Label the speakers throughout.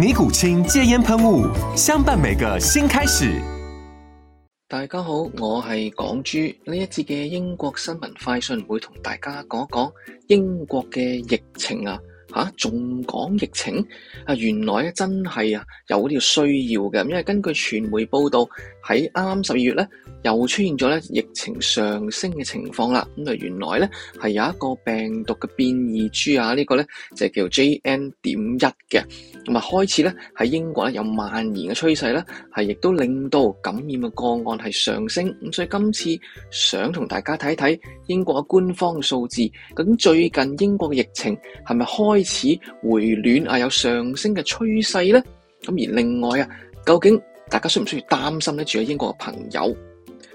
Speaker 1: 尼古清戒煙噴霧，相伴每個新開始。大家好，我係港珠，呢一節嘅英國新聞快訊，會同大家講一講英國嘅疫情啊！吓、啊，仲講疫情啊？原來咧真係啊有呢個需要嘅，因為根據傳媒報道。喺啱啱十二月咧，又出現咗咧疫情上升嘅情況啦。咁啊，原來咧係有一個病毒嘅變異株啊，這個、呢個咧就叫 JN.1 嘅，咁埋開始咧喺英國咧有蔓延嘅趨勢啦，係亦都令到感染嘅個案係上升。咁所以今次想同大家睇睇英國嘅官方數字，咁最近英國嘅疫情係咪開始回暖啊？有上升嘅趨勢咧？咁而另外啊，究竟，大家需唔需要擔心咧？住喺英國嘅朋友，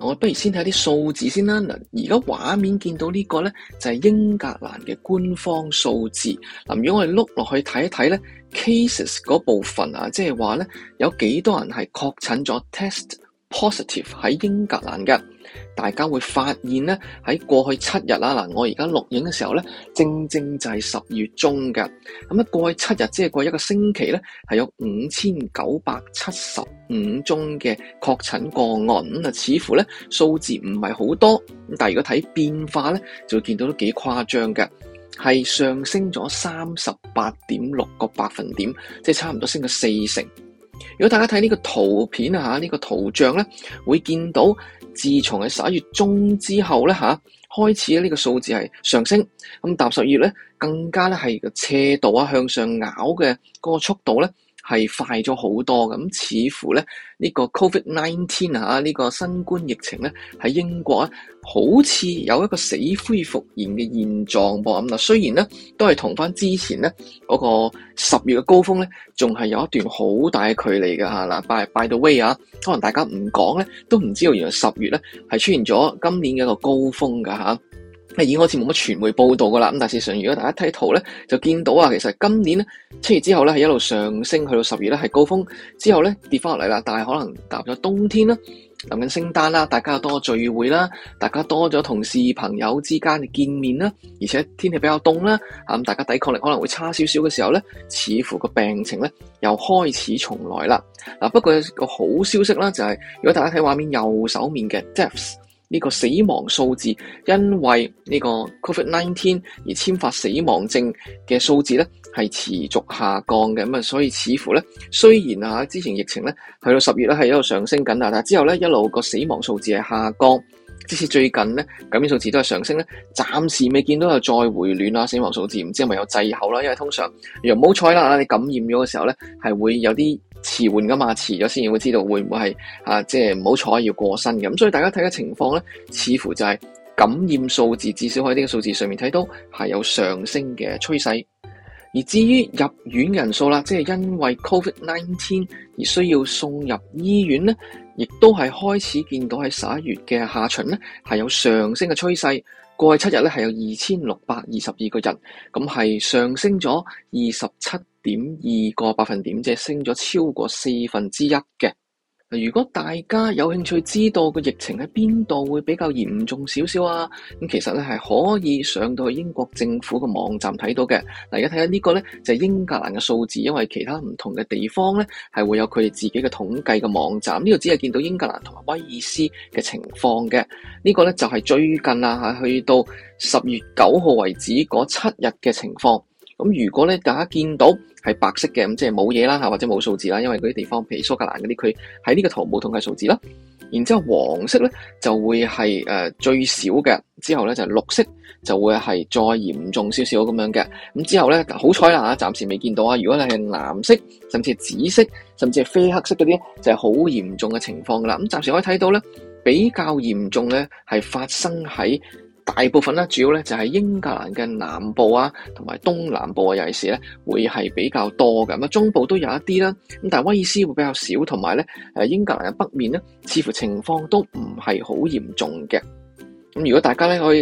Speaker 1: 我不如先睇啲數字先啦。嗱，而家畫面見到呢個咧，就係英格蘭嘅官方數字。如果我哋碌落去睇一睇咧，cases 嗰部分啊，即係話咧有幾多人係確診咗 test。Positive 喺英格蘭嘅，大家會發現咧喺過去七日啦，嗱，我而家錄影嘅時候咧，正正就係十月中嘅，咁啊過去七日即係過去一個星期咧，係有五千九百七十五宗嘅確診個案，咁啊似乎咧，數字唔係好多，咁但係如果睇變化咧，就會見到都幾誇張嘅，係上升咗三十八點六個百分點，即係差唔多升咗四成。如果大家睇呢個圖片啊，呢、這個圖像咧，會見到自從係十一月中之後咧，吓開始呢個數字係上升，咁搭十二月咧更加咧係個斜度啊向上咬嘅嗰個速度咧。係快咗好多咁，似乎咧呢、呢個 Covid Nineteen 吓呢、啊呢個新冠疫情咧喺英國啊，好似有一個死灰復燃嘅現狀噃咁嗱。雖然咧都係同翻之前咧嗰、嗰個十月嘅高峰咧，仲係有一段好大嘅距離噶吓嗱。By、啊、by, by the way 啊，可能大家唔講咧都唔知道，原來十月咧係出現咗今年嘅一個高峰噶吓。啊已經開始冇乜傳媒報道噶啦，咁但係事實上，如果大家睇圖咧，就見到啊，其實今年咧七月之後咧係一路上升，去到十月咧係高峰，之後咧跌翻落嚟啦。但係可能踏入咗冬天啦，臨緊聖誕啦，大家又多聚會啦，大家多咗同事朋友之間嘅見面啦，而且天氣比較凍啦，咁大家抵抗力可能會差少少嘅時候咧，似乎個病情咧又開始重來啦。嗱，不過有個好消息啦、就是，就係如果大家睇畫面右手面嘅 deaths。呢個死亡數字，因為呢個 COVID-19 而簽發死亡證嘅數字咧，係持續下降嘅。咁啊，所以似乎咧，雖然啊，之前疫情咧，去到十月咧係一路上升緊啊，但係之後咧一路個死亡數字係下降，即使最近咧感染數字都係上升咧，暫時未見到有再回暖啊。死亡數字唔知係咪有滯後啦，因為通常如果唔好彩啦，你感染咗嘅時候咧，係會有啲。遲緩㗎嘛，遲咗先會知道會唔會係啊，即係唔好彩要過身嘅。咁所以大家睇下情況咧，似乎就係感染數字至少喺呢個數字上面睇到係有上升嘅趨勢。而至於入院人數啦，即係因為 COVID-19 而需要送入醫院咧，亦都係開始見到喺十一月嘅下旬咧係有上升嘅趨勢。過去七日咧係有二千六百二十二個人，咁係上升咗二十七點二個百分點，即係升咗超過四分之一嘅。如果大家有興趣知道個疫情喺邊度會比較嚴重少少啊，咁其實咧係可以上到去英國政府嘅網站睇到嘅。大家睇下呢個咧就係英格蘭嘅數字，因為其他唔同嘅地方咧係會有佢哋自己嘅統計嘅網站。呢度只係見到英格蘭同埋威爾斯嘅情況嘅。呢個咧就係最近啊，係去到十月九號為止嗰七日嘅情況。咁如果咧大家見到係白色嘅，咁即係冇嘢啦嚇，或者冇數字啦，因為嗰啲地方譬如蘇格蘭嗰啲佢喺呢個圖冇統計數字啦。然之後黃色咧就會係誒最少嘅，之後咧就係綠色就會係再嚴重少少咁樣嘅。咁之後咧好彩啦嚇，暫時未見到啊。如果你係藍色，甚至係紫色，甚至係非黑色嗰啲就係、是、好嚴重嘅情況啦。咁暫時可以睇到咧比較嚴重咧係發生喺。大部分咧，主要咧就係英格蘭嘅南部啊，同埋東南部嘅尤其是咧會係比較多嘅。咁啊，中部都有一啲啦，咁但係威爾斯會比較少，同埋咧誒，英格蘭嘅北面咧，似乎情況都唔係好嚴重嘅。咁如果大家咧可以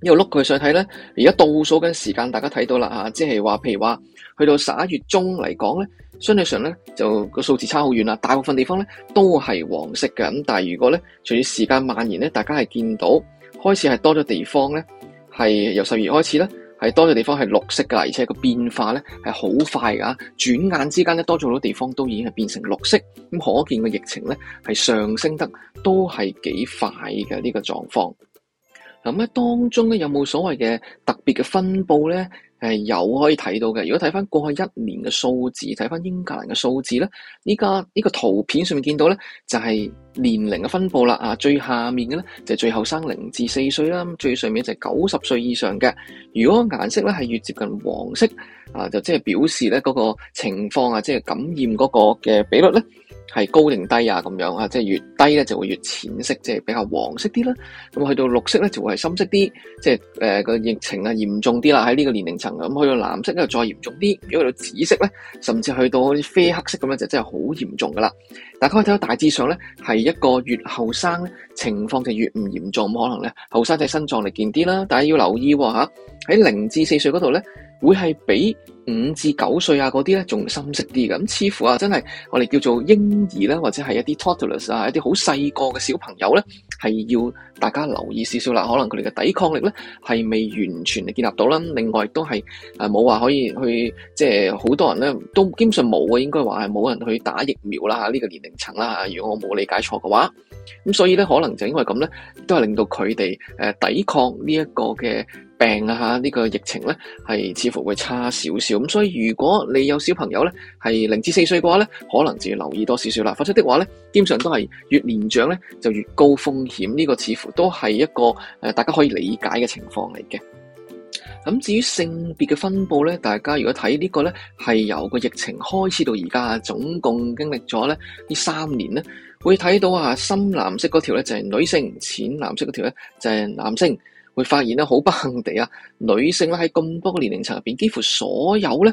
Speaker 1: 一路碌佢上去睇咧，而家倒數緊時間，大家睇到啦吓，即係話，譬如話去到十一月中嚟講咧，相對上咧就個數字差好遠啦。大部分地方咧都係黃色嘅，咁但係如果咧隨住時間蔓延咧，大家係見到。開始係多咗地方咧，係由十二月開始咧，係多咗地方係綠色噶，而且個變化咧係好快噶，轉眼之間咧多咗好多地方都已經係變成綠色，咁可見嘅疫情咧係上升得都係幾快嘅呢個狀況。咁咧當中咧有冇所謂嘅特別嘅分佈咧？係有可以睇到嘅，如果睇翻過去一年嘅數字，睇翻英格蘭嘅數字咧，依家呢個圖片上面見到咧，就係年齡嘅分佈啦。啊，最下面嘅咧就係最後生零至四歲啦，最上面就係九十歲以上嘅。如果顏色咧係越接近黃色，啊，就即係表示咧嗰個情況啊，即係感染嗰個嘅比率咧。係高定低呀咁樣啊，即係越低咧就會越淺色，即係比較黃色啲啦。咁去到綠色咧就會係深色啲，即係誒個疫情啊嚴重啲啦。喺呢個年齡層，咁去到藍色咧又再嚴重啲，如果去到紫色咧，甚至去到啲啡黑色咁樣就真係好嚴重噶啦。大家可以睇到大致上咧係一個越後生咧情況就越唔嚴重，可能咧後生仔身壯力健啲啦。但係要留意喎，喺零至四歲嗰度咧，會係比五至九歲啊嗰啲咧仲深色啲嘅，咁似乎啊真係我哋叫做嬰兒啦，或者係一啲 toddlers 啊，一啲好細個嘅小朋友咧，係要大家留意少少啦。可能佢哋嘅抵抗力咧係未完全嘅建立到啦。另外都係冇話可以去，即係好多人咧都基本上冇嘅，應該話係冇人去打疫苗啦。呢、呢個年齡層啦，如果我冇理解錯嘅話，咁所以咧可能就因為咁咧，都係令到佢哋、呃、抵抗呢一個嘅。病啊，吓、這、呢個疫情咧，係似乎會差少少咁，所以如果你有小朋友咧，係零至四歲嘅話咧，可能就要留意多少少啦。發出的話咧，基本上都係越年長咧就越高風險，呢、這個似乎都係一個誒、呃、大家可以理解嘅情況嚟嘅。咁至於性別嘅分佈咧，大家如果睇呢個咧，係由個疫情開始到而家，總共經歷咗咧呢三年咧，會睇到啊深藍色嗰條咧就係、是、女性，淺藍色嗰條咧就係、是、男性，會發現咧，好不幸地啊，女性咧喺咁多個年齡層入邊，幾乎所有咧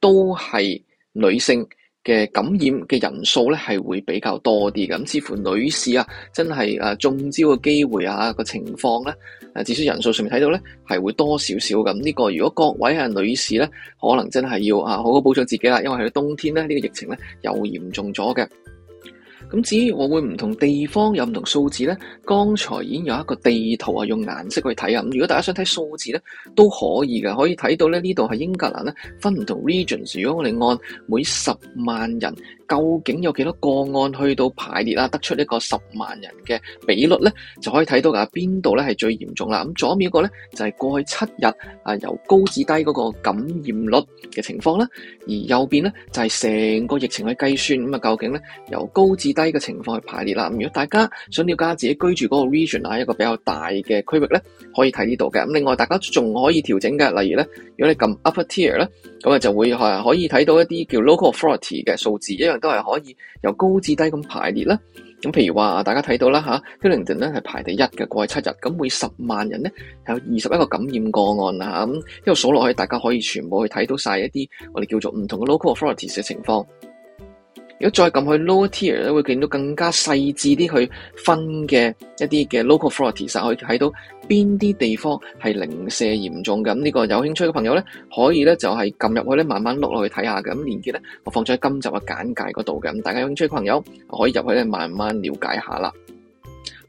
Speaker 1: 都係女性嘅感染嘅人數咧係會比較多啲嘅。咁、嗯，似乎女士啊，真係誒、啊、中招嘅機會啊個、啊、情況咧，誒、啊、至少人數上面睇到咧係會多少少咁。呢、這個如果各位係、啊、女士咧，可能真係要啊好好保障自己啦，因為喺冬天咧呢、這個疫情咧又嚴重咗嘅。咁至於我會唔同地方有唔同數字呢？剛才已經有一個地圖啊，用顏色去睇啊。咁如果大家想睇數字呢，都可以嘅，可以睇到咧呢度係英格蘭咧分唔同 region。如果我哋按每十萬人，究竟有幾多個案去到排列啦，啊？得出一個十萬人嘅比率咧，就可以睇到㗎，邊度咧係最嚴重啦。咁、嗯、左面一個咧就係、是、過去七日啊由高至低嗰個感染率嘅情況啦。而右邊咧就係、是、成個疫情去計算咁啊，嗯，究竟咧由高至低嘅情況去排列啦。咁、嗯、如果大家想了解自己居住嗰個 region 啊，一個比較大嘅區域咧，可以睇呢度嘅。咁另外大家仲可以調整嘅，例如咧，如果你撳 upper tier 咧，咁啊就會可以睇到一啲叫 local authority 嘅數字，因為都係可以由高至低咁排列啦。咁譬如話，大家睇到啦吓 Hillingdon 咧，係排第一嘅，過去七日，咁每十萬人咧，係有二十一個感染個案吓。咁因為數落去，大家可以全部去睇到晒一啲我哋叫做唔同嘅 local authorities 嘅情況。如果再撳去 lower tier 咧，會見到更加細緻啲去分嘅一啲嘅 local authorities 可以睇到邊啲地方係零舍嚴重嘅。咁呢個有興趣嘅朋友咧，可以咧就係撳入去咧，慢慢碌落去睇下嘅。咁連結咧，我放咗喺今集嘅簡介嗰度嘅。咁大家有興趣嘅朋友可以入去咧，慢慢了解下啦。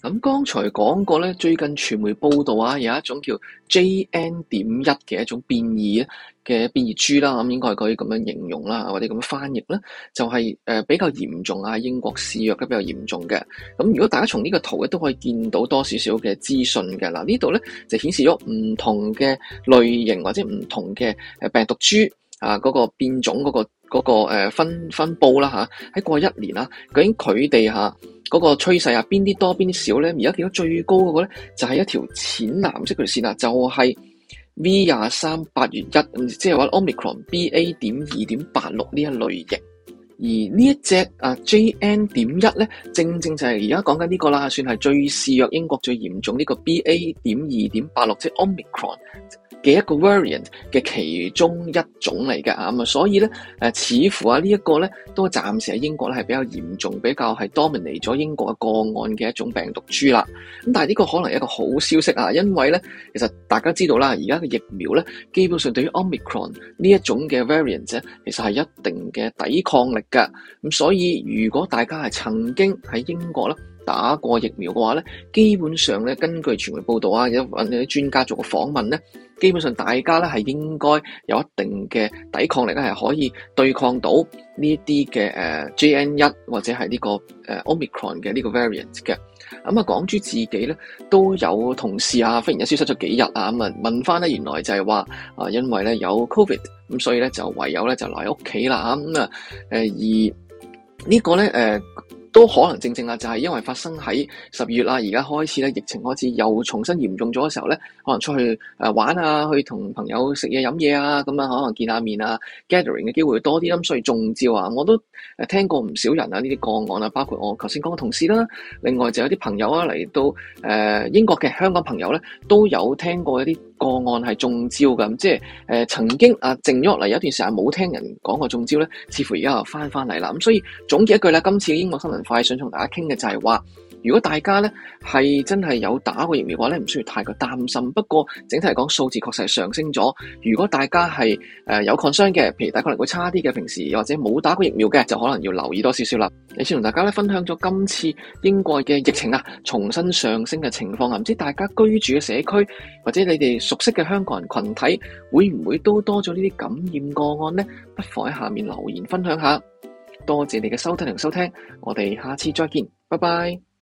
Speaker 1: 咁剛才講過咧，最近傳媒報道啊，有一種叫 JN.1 嘅一種變異嘅變異株啦，咁應該可以咁樣形容啦，或者咁樣翻譯咧，就係誒比較嚴重啊，英國肆虐都比較嚴重嘅。咁如果大家從呢個圖咧都可以見到多少少嘅資訊嘅，嗱，呢度咧就顯示咗唔同嘅類型或者唔同嘅誒病毒株啊，嗰個變種嗰個。嗰個分，分佈啦，喺過去一年啦，究竟佢哋嚇嗰個趨勢啊，邊啲多邊啲少咧？而家見到最高嗰個咧，就係一條淺藍色嗰條線啊，就係、是、V 廿三八月一，即係話 Omicron B A 點二點八六呢一類型，而呢一隻啊 J N 點一咧，正正就係而家講緊呢個啦，算係最肆虐英國最嚴重呢個 B A 點二點八六即係 Omicron。嘅一個 variant 嘅其中一種嚟嘅啊，咁啊，所以咧、呃，似乎啊，這個、呢一個咧都暫時喺英國咧係比較嚴重，比較係 dominate 咗英國嘅個案嘅一種病毒株啦。咁但係呢個可能係一個好消息啊，因為咧，其實大家知道啦，而家嘅疫苗咧，基本上對於 Omicron 呢一種嘅 variant 咧，其實係一定嘅抵抗力㗎。咁所以如果大家係曾經喺英國呢。打過疫苗嘅話咧，基本上咧根據傳媒報道啊，有揾啲專家做訪問咧，基本上大家咧係應該有一定嘅抵抗力咧，係可以對抗到呢啲嘅誒 JN 一或者係呢個誒 Omicron 嘅呢個 variant 嘅。咁啊，港豬自己咧都有同事啊，忽然間消失咗幾日啊，咁啊問翻咧，原來就係話啊，因為咧有 COVID 咁，所以咧就唯有咧就留喺屋企啦。咁啊誒而這個呢個咧誒。呃都可能正正啊，就係因為發生喺十二月啊，而家開始咧，疫情開始又重新嚴重咗嘅時候咧，可能出去誒玩啊，去同朋友食嘢飲嘢啊，咁啊可能見下面啊 gathering 嘅機會多啲咁，所以中招啊，我都誒聽過唔少人啊呢啲個案啊，包括我頭先講嘅同事啦，另外就有啲朋友啊嚟到誒、呃、英國嘅香港朋友咧，都有聽過一啲。個案係中招咁，即係誒、呃、曾經啊靜咗落嚟有段時間冇聽人講過中招咧，似乎而家又翻翻嚟啦。咁所以總結一句咧，今次英國新聞快訊同大家傾嘅就係話。如果大家咧係真係有打過疫苗嘅話咧，唔需要太過擔心。不過整體嚟講，數字確實係上升咗。如果大家係誒有 concern 嘅，譬如抵抗力會差啲嘅，平時又或者冇打過疫苗嘅，就可能要留意多少少啦。你先同大家咧分享咗今次英國嘅疫情啊，重新上升嘅情況啊，唔知大家居住嘅社區或者你哋熟悉嘅香港人群體會唔會都多咗呢啲感染個案呢？不妨喺下面留言分享下。多謝你嘅收聽同收聽，我哋下次再見，拜拜。